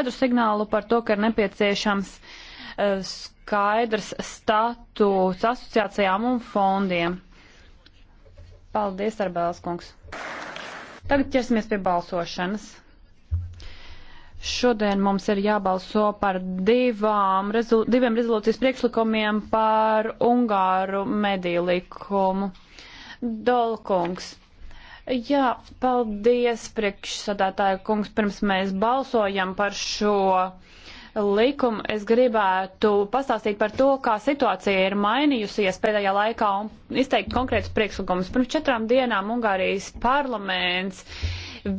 skaidru signālu par to, ka ir nepieciešams e, skaidrs statūts asociācijām un fondiem. Paldies, Arbēls kungs. Tagad ķersimies pie balsošanas. Šodien mums ir jābalso par divām, rezol diviem rezolūcijas priekšlikumiem par Ungāru mediju likumu. Dolkungs. Jā, paldies priekšsadātāja kungs, pirms mēs balsojam par šo likumu. Es gribētu pastāstīt par to, kā situācija ir mainījusies pēdējā laikā un izteikt konkrētus priekšlikumus. Pirms četrām dienām Ungārijas parlaments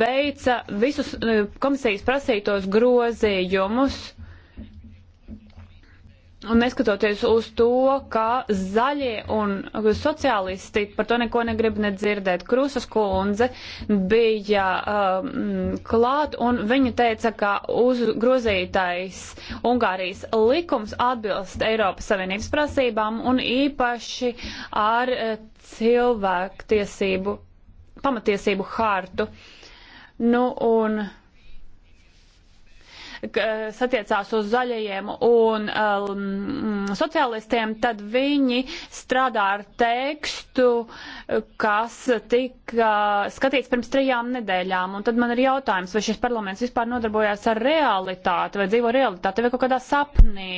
veica visus eh, komisijas prasītos grozījumus Un neskatoties uz to, ka zaļie un sociālisti par to neko negrib nedzirdēt, Krusas kundze bija um, klāt un viņa teica, ka uzgrozītais Ungārijas likums atbilst Eiropas Savienības prasībām un īpaši ar eh, cilvēktiesību, pamatiesību hārtu. Nu, un, kas attiecās uz zaļajiem un um, sociālistiem, tad viņi strādā ar tekstu, kas tika skatīts pirms trijām nedēļām. Un tad man ir jautājums, vai šis parlaments vispār nodarbojās ar realitāti vai dzīvo realitāti vai kaut kādā sapnī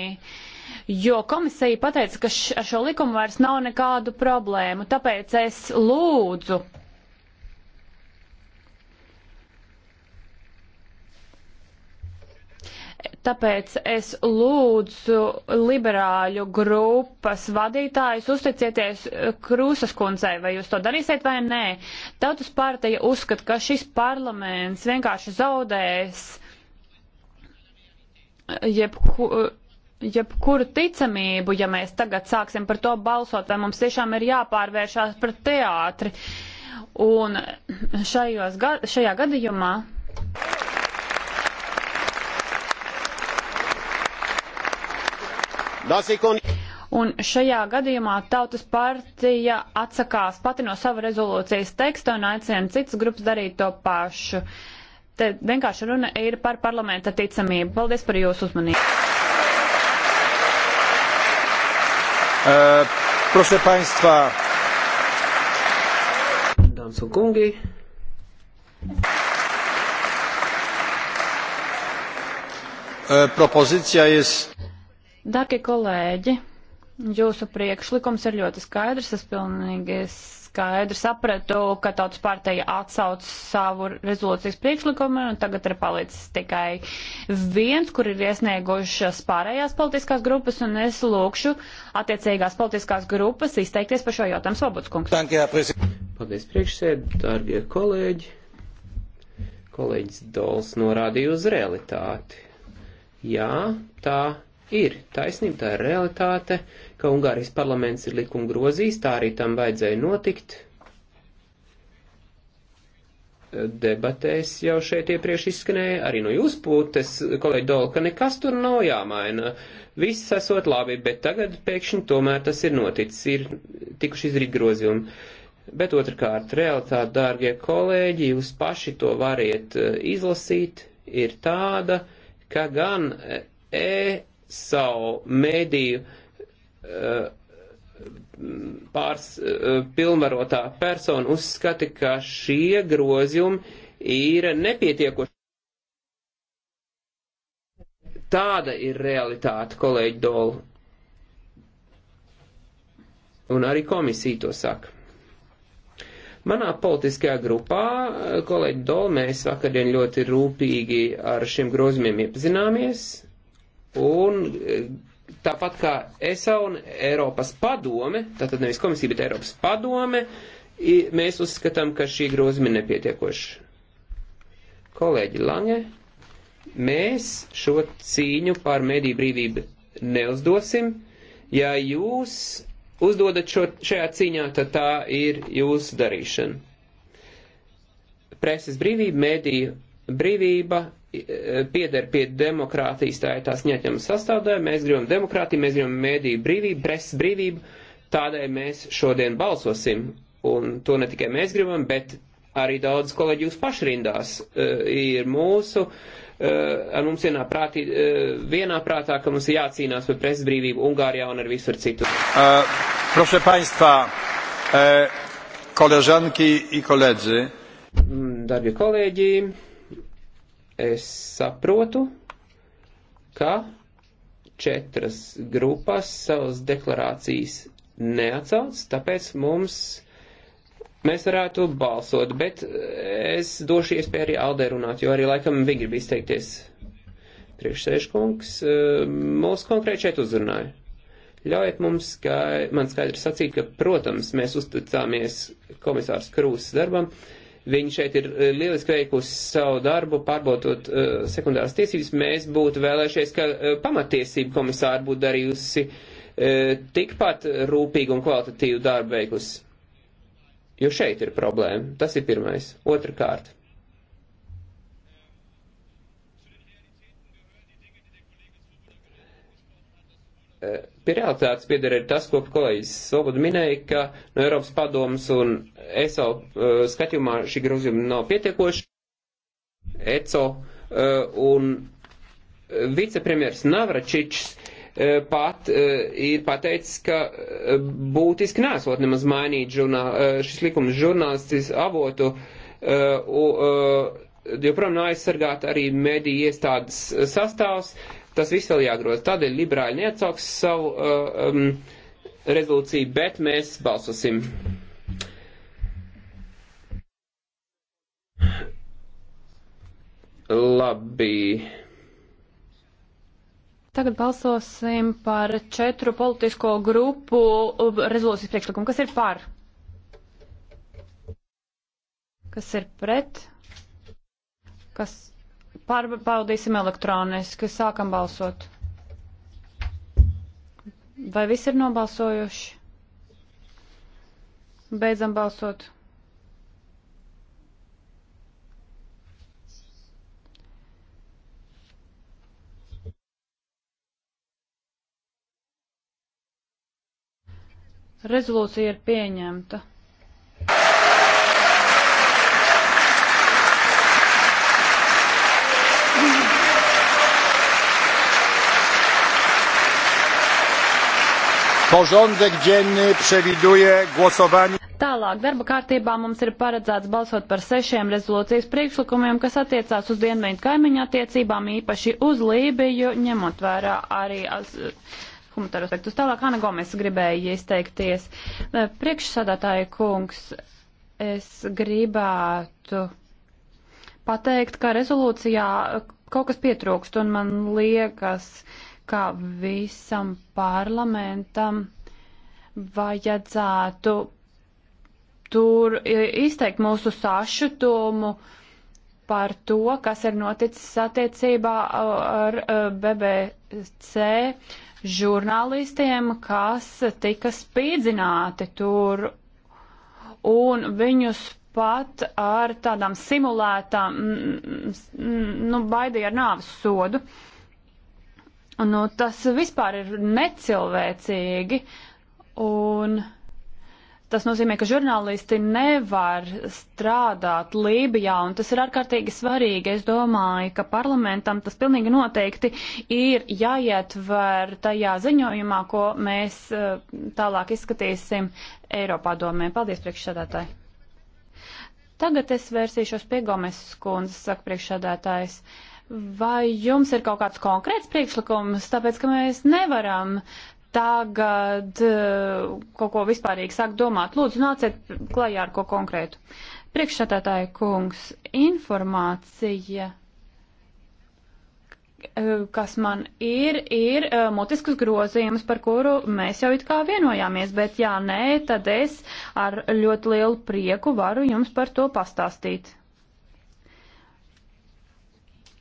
jo komisija pateica, ka ar šo likumu vairs nav nekādu problēmu. Tāpēc es lūdzu Tāpēc es lūdzu liberāļu grupas vadītājus uzticieties eh, Krūsas kundzei, vai jūs to darīsiet vai nē. Tautas partija uzskata, ka šis parlaments vienkārši zaudēs eh, jebku, eh, jebkuru ticamību, ja mēs tagad sāksim par to balsot, vai mums tiešām ir jāpārvēršās par teātri. Un šajos, šajā gadījumā. Un šajā gadījumā Tautas partija atsakās pati no sava rezolūcijas teksta un aicina citas grupas darīt to pašu. Te vienkārši runa ir par parlamenta ticamību. Paldies par jūsu uzmanību. Uh, proszę Państwa. Dāmas un kungi. Uh, propozycja jest Darbie kolēģi, jūsu priekšlikums ir ļoti skaidrs. Es pilnīgi skaidri sapratu, ka tautas partija atsauc savu rezolūcijas priekšlikumu, un tagad ir palicis tikai viens, kur ir iesniegušas pārējās politiskās grupas, un es lūkšu attiecīgās politiskās grupas izteikties par šo jautājumu Svobodskungs. Paldies priekšsēd, dārgie kolēģi. Kolēģis Dols norādīja uz realitāti. Jā, tā Ir taisnība, tā ir realitāte, ka Ungārijas parlaments ir likuma grozījis, tā arī tam vajadzēja notikt. Debatēs jau šeit iepriekš izskanēja, arī no jūsu puses, kolēģi Dola, ka nekas tur nav jāmaina. Viss esot labi, bet tagad pēkšņi tomēr tas ir noticis, ir tikuši izrīt grozījumi. Bet otrkārt, realitāte, dārgie kolēģi, jūs paši to variet eh, izlasīt, ir tāda, ka gan E savu mēdīju eh, pārs eh, pilnvarotā persona uzskata, ka šie grozījumi ir nepietiekoši. Tāda ir realitāte, kolēģi Dolu. Un arī komisija to saka. Manā politiskajā grupā, eh, kolēģi Dolu, mēs vakardien ļoti rūpīgi ar šiem grozījumiem iepazināmies, Un e, tāpat kā ESA un Eiropas padome, tātad nevis komisija, bet Eiropas padome, mēs uzskatām, ka šī grozma ir nepietiekoša. Kolēģi Lange, mēs šo cīņu par mediju brīvību neuzdosim. Ja jūs uzdodat šo, šajā cīņā, tad tā ir jūsu darīšana. Preses brīvība, mediju brīvība pieder pie demokrātijas, tā ir tās neatņemama sastāvdaļa, mēs gribam demokrātiju, mēs gribam mēdīju brīvību, preses brīvību, tādēļ mēs šodien balsosim, un to ne tikai mēs gribam, bet arī daudz kolēģi jūs pašrindās eh, ir mūsu, eh, ar mums vienā, prātī, eh, vienā prātā, ka mums ir jācīnās par preses brīvību Ungārijā un ar visur citur. Uh, proszę Państwa, uh, koleżanki i koledzy. Mm, darbie kolēģi es saprotu, ka četras grupas savas deklarācijas neatsauc, tāpēc mums, mēs varētu balsot, bet es došu iespēju arī Aldē runāt, jo arī laikam viņi grib izteikties. Priekšsēžkungs eh, mūs konkrēti šeit uzrunāja. Ļaujiet mums, ka man skaidri sacīt, ka, protams, mēs uzticāmies komisārs Krūsas darbam, uh, Viņa šeit ir eh, lieliski veikusi savu darbu, pārbaudot uh, eh, sekundāras tiesības. Mēs būtu vēlējušies, ka uh, pamatiesība komisāra būtu darījusi uh, tikpat rūpīgu un kvalitatīvu darbu veikusi. Jo šeit ir problēma. Tas ir pirmais. Otrakārt. Uh, Pie realitātes pieder arī tas, ko kolēģis Svoboda minēja, ka no Eiropas padomas un ESO uh, skatījumā šī grozījuma nav pietiekoši. ECO uh, un vicepremjers Navračičs uh, pat uh, ir pateicis, ka uh, būtiski nesot nemaz mainīt žurnā, uh, šis likums žurnālistis avotu. Joprojām nav aizsargāta arī mediju iestādes sastāvs, uh, Tas viss vēl jāgroza. Tādēļ liberāļi neatsauks savu uh, um, rezolūciju, bet mēs balsosim. Labi. Tagad balsosim par četru politisko grupu uh, rezolūcijas priekšlikumu. Kas ir par? Kas ir pret? Kas Pārbaudīsim elektroniski. Sākam balsot. Vai visi ir nobalsojuši? Beidzam balsot. Rezolūcija ir pieņemta. Porządek dzienny przewiduje głosowanie. Tālāk darba kārtībā mums ir paredzēts balsot par sešiem rezolūcijas priekšlikumiem, kas attiecās uz dienvidu kaimiņu attiecībām, īpaši uz Lībiju, ņemot vērā arī humanitāros aspektus. Tālāk Ana Gomes gribēja izteikties. Priekšsādātāja kungs, es gribētu pateikt, ka rezolūcijā kaut kas pietrūkst, un man liekas, uh, ka visam parlamentam vajadzētu tur izteikt mūsu sašutumu par to, kas ir noticis attiecībā ar BBC žurnālistiem, kas tika spīdzināti tur un viņus pat ar tādām simulētām, nu, baidīja ar nāves sodu. Uh, Nu, tas vispār ir necilvēcīgi, un tas nozīmē, ka žurnālisti nevar strādāt Lībijā, un tas ir ārkārtīgi svarīgi. Es domāju, ka parlamentam tas pilnīgi noteikti ir jāietver tajā ziņojumā, ko mēs eh, tālāk izskatīsim Eiropadomē. Paldies, priekšsēdētāji! Tagad es vērsīšos pie Gomes skundzes, saka priekšsēdētājs. Uh, Vai jums ir kaut kāds konkrēts priekšlikums, tāpēc ka mēs nevaram tagad eh, kaut ko vispārīgi sākt domāt? Lūdzu, nāciet klajā ar ko konkrētu. Priekšsatātāja kungs, informācija, eh, kas man ir, ir eh, mutiskas grozījums, par kuru mēs jau it kā vienojāmies, bet jā, nē, tad es ar ļoti lielu prieku varu jums par to pastāstīt.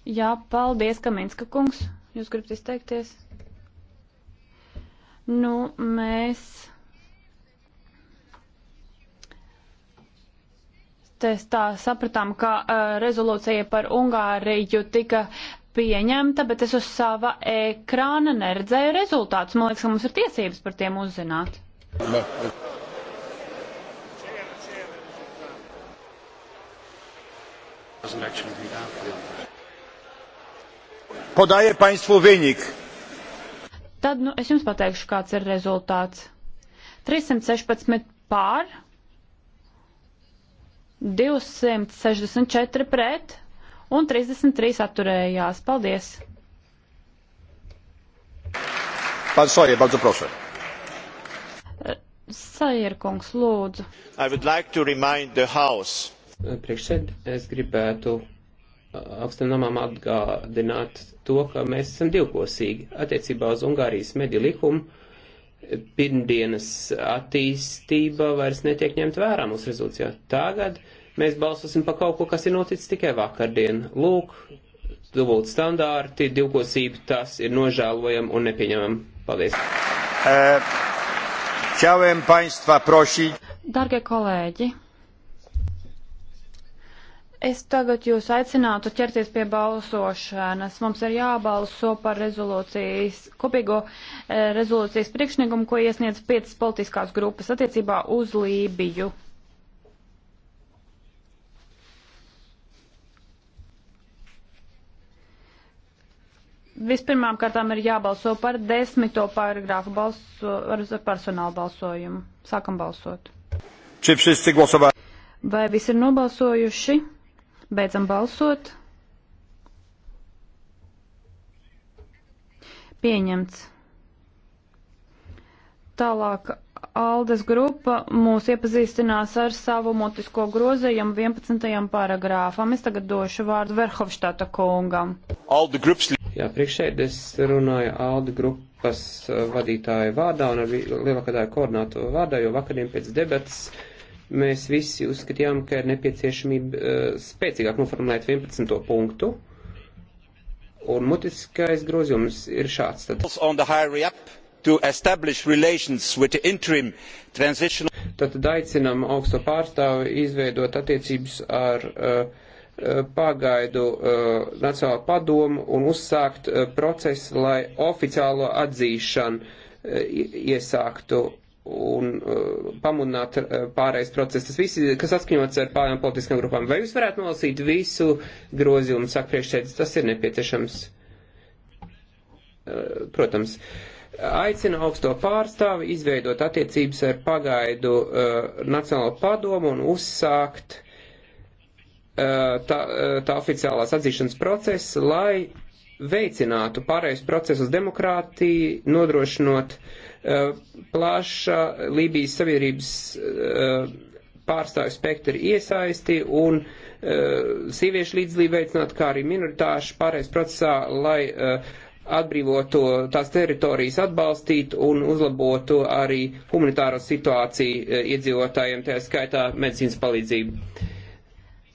Jā, paldies, Kaminska kungs. Jūs gribat izteikties? Nu, mēs te tā sapratām, ka uh, rezolūcija par Ungāriju tika pieņemta, bet es uz sava ekrāna neredzēju rezultātus. Man liekas, ka mums ir tiesības par tiem uzzināt. Ne. Doesn't actually read out. Podaję Państwu wynik. Tad nu, es jums pateikšu, kāds ir rezultāts. 316 pār, 264 pret un 33 atturējās. Paldies! Pan Sojer, bardzo proszę. Eh, Sajer kungs, lūdzu. Like Priekšsēd, es gribētu apstiprinām atgādināt to, ka mēs esam divkosīgi attiecībā uz Ungārijas mediju likumu. Pirmdienas attīstība vairs netiek ņemt vērā mūsu rezolūcijā. Tagad mēs balsosim par kaut ko, kas ir noticis tikai vakardien. Lūk, dubult standārti, divkosība, tas ir nožēlojami un nepieņemami. Paldies! Eh, chciałem Państwa prosić. Dargie kolēģi, Es tagad jūs aicinātu ķerties pie balsošanas. Mums ir jābalso par rezolūcijas, kopīgo eh, rezolūcijas priekšniegumu, ko iesniedz piecas politiskās grupas attiecībā uz Lībiju. Vispirmām kārtām ir jābalso par desmito paragrāfu balso, ar personālu balsojumu. Sākam balsot. Vai visi ir nobalsojuši? Beidzam balsot. Pieņemts. Tālāk Aldes grupa mūs iepazīstinās ar savu mutisko grozījumu 11. paragrāfam. Es tagad došu vārdu Verhofštata kungam. Alde grupas. Jā, priekšēd es runāju Alde grupas vadītāju vārdā un ar lielākā daļa koordinātu vārdā, jo vakariem pēc debats uh, Mēs visi uzskatījām, ka ir nepieciešamība uh, spēcīgāk noformulēt 11. punktu. Un mutiskais grozījums ir šāds. Tad. Transitional... Tātad aicinam augsto pārstāvi izveidot attiecības ar uh, pagaidu uh, Nacionālo padomu un uzsākt uh, procesu, lai oficiālo atzīšanu uh, iesāktu un uh, e, pamudināt uh, e, pārējais process. Tas viss, kas atskaņots ar pārējām politiskām grupām. Vai jūs varētu nolasīt visu grozījumu, saka priekšsēdus, tas ir nepieciešams? Uh, protams. Aicina augsto pārstāvi izveidot attiecības ar pagaidu uh, Nacionālo padomu un uzsākt uh, tā, uh, tā oficiālās atzīšanas procesu, lai veicinātu pārējais procesus demokrātiju, nodrošinot uh, Eh, plaša Lībijas sabiedrības eh, pārstāvju spektra iesaisti un eh, sieviešu līdzdalību veicināt, kā arī minoritāšu pārējais procesā, lai atbrīvotu tās teritorijas, atbalstītu un uzlabotu arī humanitāro situāciju iedzīvotājiem, tajā skaitā medicīnas palīdzību.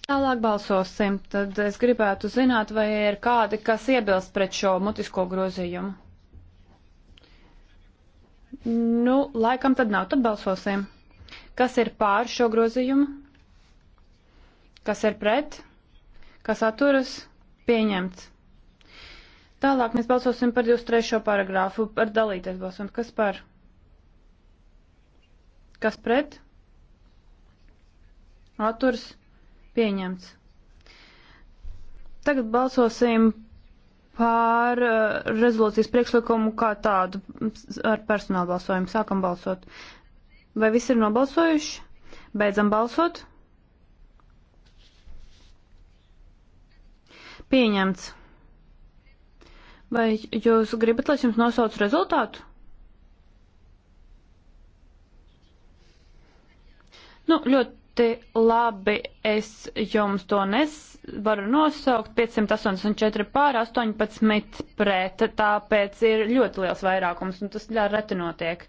Tālāk balsosim. Tad es gribētu zināt, vai ir kādi, kas iebilst pret šo mutisko grozījumu. Nu, laikam tad nav, tad balsosim. Kas ir pār šo grozījumu? Kas ir pret? Kas atturas? Pieņemts. Tālāk mēs balsosim par 23. paragrāfu, par dalīties balsojumu. Kas par? Kas pret? Atturs? Pieņemts. Tagad balsosim pār uh, rezolūcijas priekšlikumu kā tādu ar personālu balsojumu. Sākam balsot. Vai visi ir nobalsojuši? Beidzam balsot. Pieņemts. Vai jūs gribat, lai es jums nosaucu rezultātu? Nu, ļoti ļoti labi. Es jums to nes, varu nosaukt 584 pār 18 pret, tāpēc ir ļoti liels vairākums un tas ļoti reti notiek.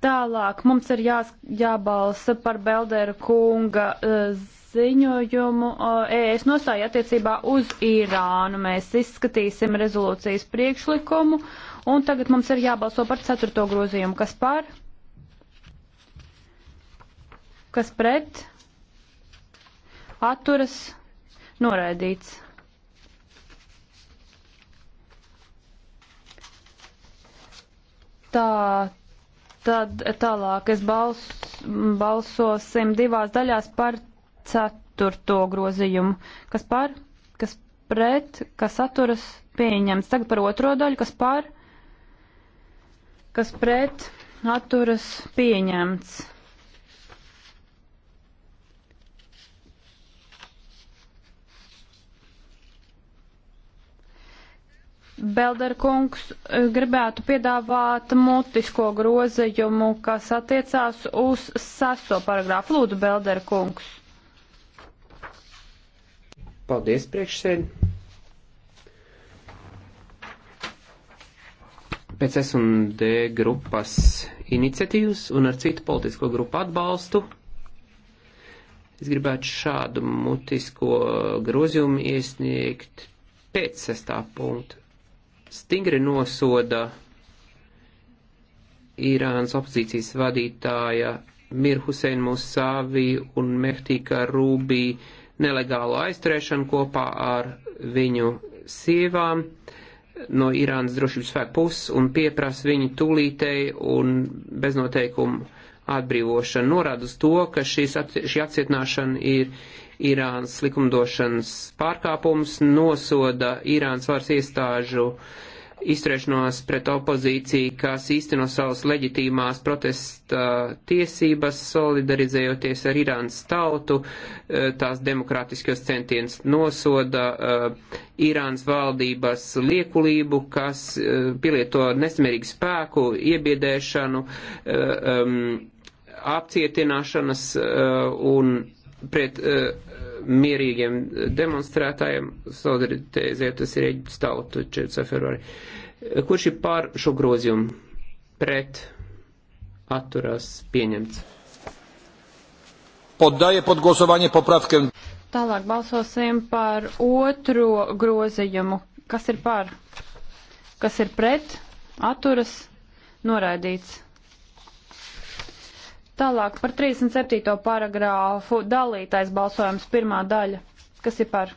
Tālāk mums ir jā, jābalsa par Beldera kunga eh, ziņojumu. Es eh, e nostāju attiecībā uz Irānu. Mēs izskatīsim rezolūcijas priekšlikumu. Un tagad mums ir jābalso par ceturto grozījumu. Kas par? kas pret, atturas, noraidīts. Tā, tad tālāk es bals, balsosim divās daļās par ceturto grozījumu. Kas par, kas pret, kas atturas, pieņems. Tagad par otro daļu, kas par, kas pret, atturas, pieņemts. Belderkungs eh, gribētu piedāvāt mutisko grozījumu, kas attiecās uz seso paragrāfu. Lūdzu, Belderkungs. Paldies, priekšsēd. Pēc S&D grupas iniciatīvas un ar citu politisko grupu atbalstu es gribētu šādu mutisko grozījumu iesniegt pēc sestā punkta stingri nosoda Irānas opozīcijas vadītāja Mir Husein Musāvi un Mehtika Rūbī nelegālu aizturēšanu kopā ar viņu sievām no Irānas drošības spēku puses un pieprasa viņu tūlītēji un bez noteikumu atbrīvošanu. Norāda uz to, ka at, šī apcietināšana ir Irānas likumdošanas pārkāpums, nosoda Irānas varas iestāžu izturēšanos pret opozīciju, kas īsteno savas leģitīmās protesta tiesības, solidarizējoties ar Irānas tautu, eh, tās demokrātiskos centienus nosoda eh, Irānas valdības liekulību, kas eh, pielieto nesmierīgu spēku, iebiedēšanu. Um, apcietināšanas eh, un pret eh, mierīgiem demonstrētājiem solidaritēziet, tas ir Eģiptes tautu 4. februārī. Kurš ir pār šo grozījumu pret atturās pieņemts? Poddaje pod głosowanie poprawkę. Tālāk balsosim par otro grozījumu. Kas ir par? Kas ir pret? Atturas? Noraidīts. Tālāk par 37. paragrāfu dalītais balsojums pirmā daļa. Kas ir par?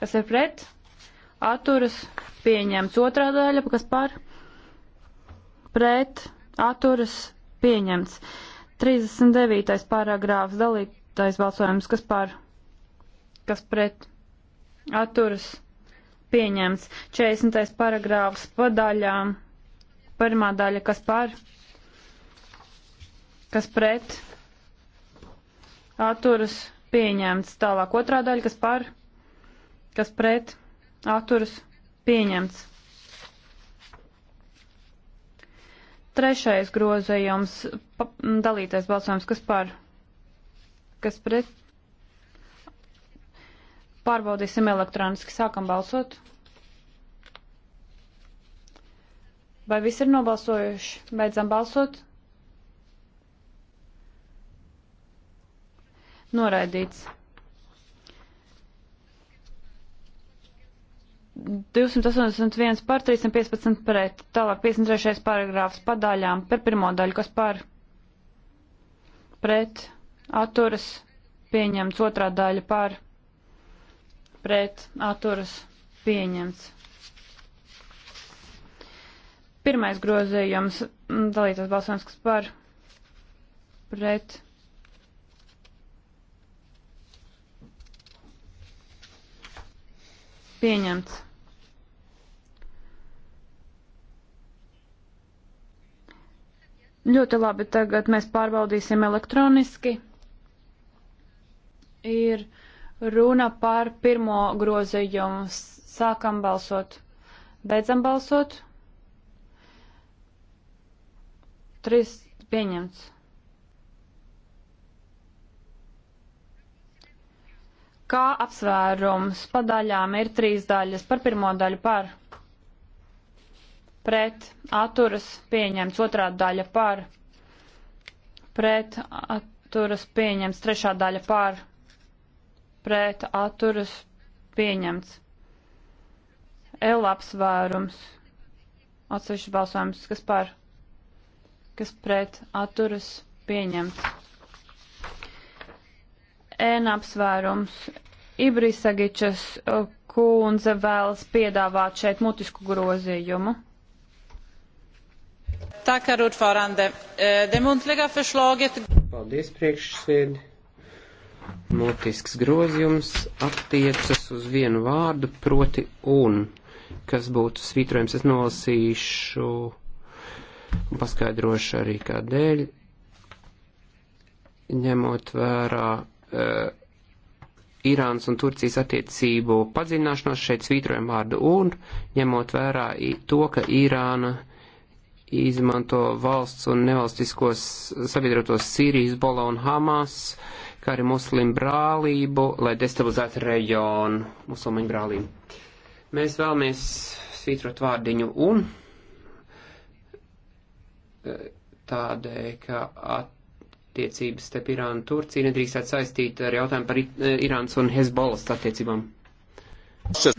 Kas ir pret? Atturas pieņemts. Otrā daļa, kas par? Pret. Atturas pieņemts. 39. paragrāfs dalītais balsojums. Kas par? Kas pret? Atturas pieņemts. 40. paragrāfs pa daļām. Pirmā daļa, kas par? kas pret, atturas, pieņemts. Tālāk otrā daļa, kas par, kas pret, atturas, pieņemts. Trešais grozījums, dalītais balsojums, kas par, kas pret. Pārbaudīsim elektroniski, sākam balsot. Vai visi ir nobalsojuši? Beidzam balsot. noraidīts. 281 pār 315 pret, tālāk 53. paragrāfs padaļām par pirmo daļu, kas par pret atturas pieņemts, otrā daļa par pret atturas pieņemts. Pirmais grozījums, dalītās balsojums, kas par pret Pieņemts. Ļoti labi, tagad mēs pārbaudīsim elektroniski. Ir runa par pirmo grozījumu. Sākam balsot, beidzam balsot. Trīs pieņemts. Kā apsvērums padaļām ir trīs daļas. Par pirmo daļu par pret atturas pieņemts, otrā daļa par pret atturas pieņemts, trešā daļa par pret atturas pieņemts. L apsvērums. Atsevišķi balsojums, kas par, kas pret atturas pieņemts. N apsvērums. Ibrisagičas uh, kundze vēlas piedāvāt šeit mutisku grozījumu. Tā kā rūtfārande, eh, demuntligā förslaget. Paldies priekšsēdi. Mutisks grozījums attiecas uz vienu vārdu, proti un, kas būtu svītrojums. Es nolasīšu un paskaidrošu arī kādēļ, ņemot vērā Eh, Irānas un Turcijas attiecību padziļināšanos šeit svītrojam vārdu un, ņemot vērā to, ka Irāna izmanto valsts un nevalstiskos sabiedrotos Sīrijas, Bola un Hamas, kā arī muslimu brālību, lai destabilizētu reģionu musulmaņu brālību. Mēs vēlamies svītrot vārdiņu un eh, tādēļ, ka at attiecības starp Irānu un Turciju nedrīkst atsaistīt ar jautājumu par eh, Irānas un Hezbollas attiecībām.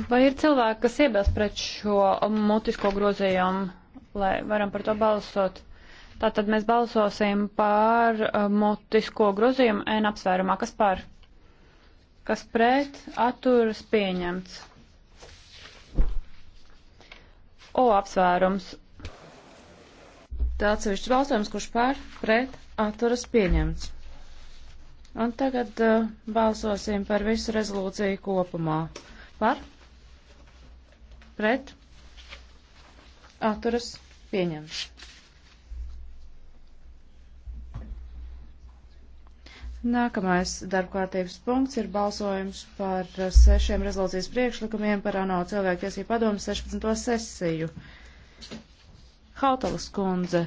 Vai ir cilvēki, kas iebilst pret šo mutisko grozējumu, lai varam par to balsot? Tātad mēs balsosim par eh, mutisko grozījumu N apsvērumā. Kas par? Kas pret? Atturas pieņemts. O apsvērums. Tāds sevišķis balsojums, kurš par? Pret? atturas pieņemts. Un tagad uh, balsosim par visu rezolūciju kopumā. Par? Pret? Atturas pieņemts. Nākamais darbkārtības punkts ir balsojums par uh, sešiem rezolūcijas priekšlikumiem par ANO cilvēktiesību padomu 16. sesiju. Hautalas kundze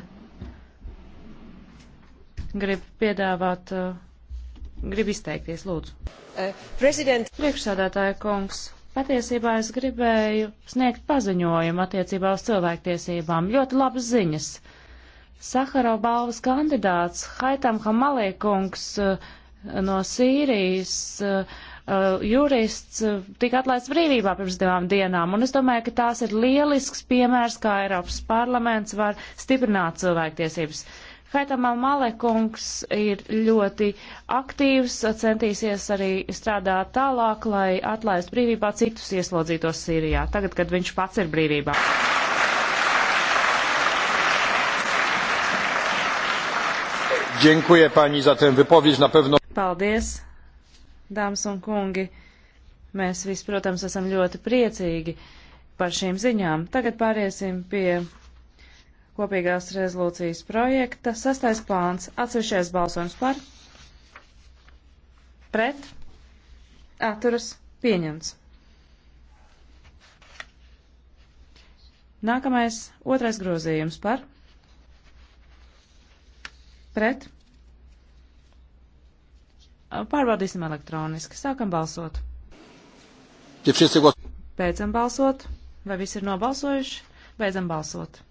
grib piedāvāt, uh, grib izteikties, lūdzu. Uh, president. Priekšsādātāja kungs, patiesībā es gribēju sniegt paziņojumu attiecībā uz cilvēktiesībām. Ļoti labas ziņas. Saharov balvas kandidāts Haitam Hamaliekungs uh, no Sīrijas jurists tika atlaists brīvībā pirms divām dienām, un es domāju, ka tās ir lielisks piemērs, kā Eiropas parlaments var stiprināt cilvēktiesības. Uh, Haitamā Malekungs ir ļoti aktīvs, centīsies arī strādāt tālāk, lai atlaist brīvībā citus ieslodzītos Sīrijā, tagad, kad viņš pats ir brīvībā. Dziękuję pani za tę wypowiedź na pewno. Paldies, dāmas un kungi. Mēs visi, protams, esam ļoti priecīgi par šīm ziņām. Tagad pāriesim pie kopīgās rezolūcijas projekta. Sastais plāns - atsevišķais balsojums par, pret, atturas, pieņemts. Nākamais - otrais grozījums par, pret. Pārbaudīsim elektroniski. Sākam balsot. Pēcam balsot. Vai visi ir nobalsojuši? Beidzam balsot.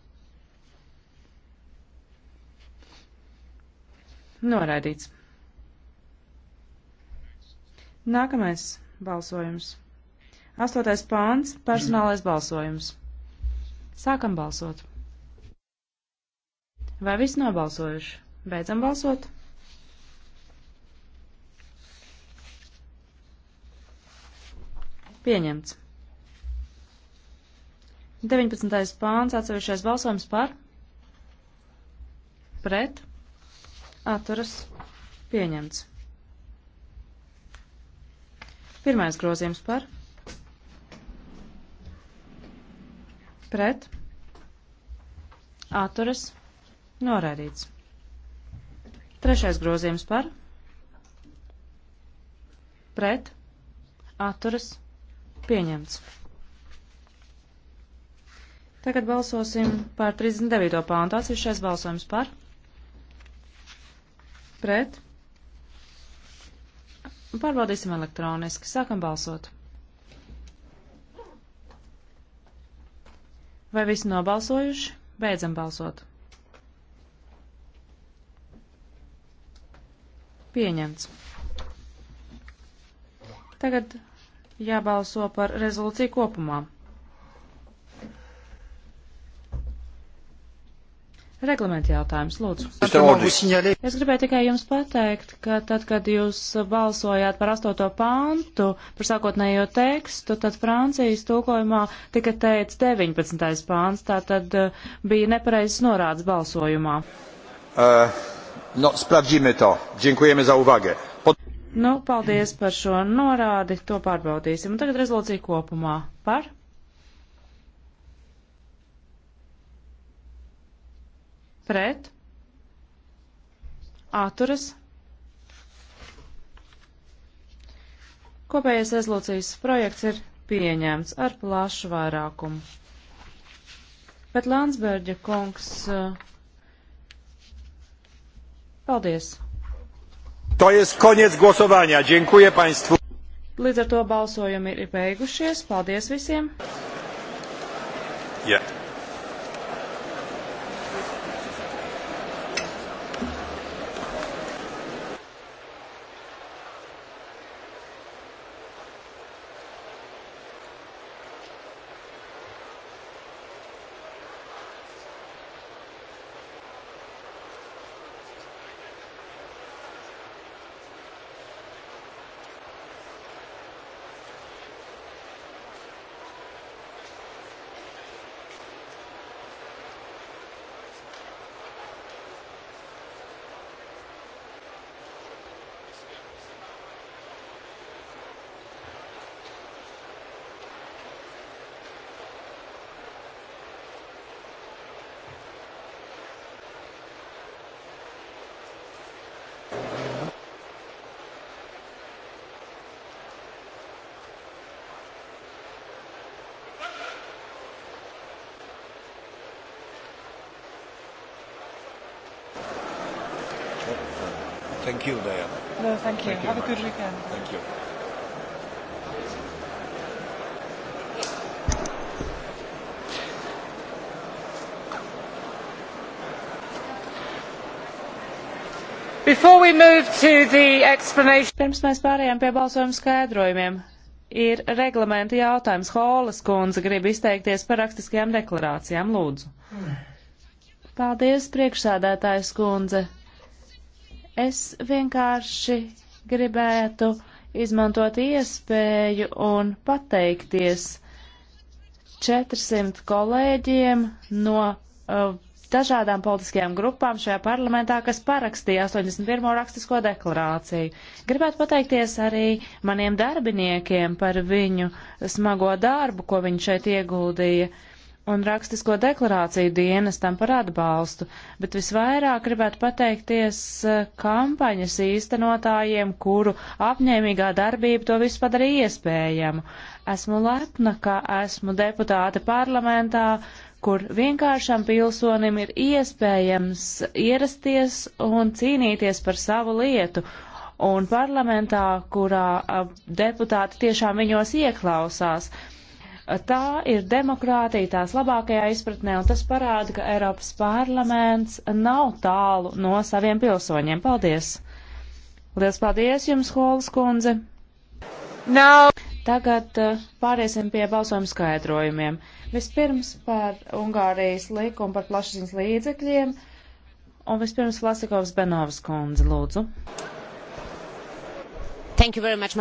Noraidīts. Nākamais balsojums. Astotais pāns - personālais balsojums. Sākam balsot. Vai viss nobalsojuši? Beidzam balsot. Pieņemts. 19. pāns atsevišķais balsojums par, pret, atturas pieņemts. Pirmais grozījums par pret atturas norādīts. Trešais grozījums par pret atturas pieņemts. Tagad balsosim par 39. pāntu. Atsevišķais balsojums par pret pret. Pārbaudīsim elektroniski. Sākam balsot. Vai visi nobalsojuši? Beidzam balsot. Pieņemts. Tagad jābalso par rezolūciju kopumā. Reglamenta jautājums, lūdzu. Es gribēju tikai jums pateikt, ka tad, kad jūs balsojāt par astoto pantu, par sākotnējo tekstu, tad Francijas tūkojumā tika teicis 19. pāns, tā tad eh, bija nepareizs norādes balsojumā. Uh, no, sprawdzimy to. Dziękujemy za uwagę. Pod... Nu, paldies par šo norādi, to pārbaudīsim. Un tagad rezolūcija kopumā par. pret, atturas. Kopējais rezolūcijas projekts ir pieņemts ar plašu vairākumu. Bet Landsberģa kungs, eh, paldies! To jest koniec głosowania. Dziękuję Państwu. Līdz ar to balsojumi ir beigušies. Paldies visiem! Yeah. Thank you, Diana. No, thank you. Thank you Have a good weekend. Thank you. Pirms mēs pārējām pie balsojuma skaidrojumiem, ir reglamenta jautājums. Holas kundze grib izteikties par rakstiskajām deklarācijām. Lūdzu. Hmm. Paldies, priekšsādātājs kundze. Es vienkārši gribētu izmantot iespēju un pateikties 400 kolēģiem no uh, dažādām politiskajām grupām šajā parlamentā, kas parakstīja 81. rakstisko deklarāciju. Gribētu pateikties arī maniem darbiniekiem par viņu smago darbu, ko viņi šeit ieguldīja. Uh, un rakstisko deklarāciju dienestam par atbalstu, bet visvairāk gribētu pateikties eh, kampaņas īstenotājiem, kuru apņēmīgā darbība to visu padarīja iespējamu. Esmu lepna, ka esmu deputāte parlamentā, kur vienkāršam pilsonim ir iespējams ierasties un cīnīties par savu lietu, un parlamentā, kurā eh, deputāti tiešām viņos ieklausās. Tā ir demokrātija tās labākajā izpratnē, un tas parāda, ka Eiropas parlaments nav tālu no saviem pilsoņiem. Paldies! Lielas paldies jums, Holas kundze! Nav! No. Tagad uh, pāriesim pie balsojuma skaidrojumiem. Vispirms par Ungārijas likumu par plašsaziņas līdzekļiem, un vispirms Vlasikovs Benovas kundze, lūdzu. Thank you very much.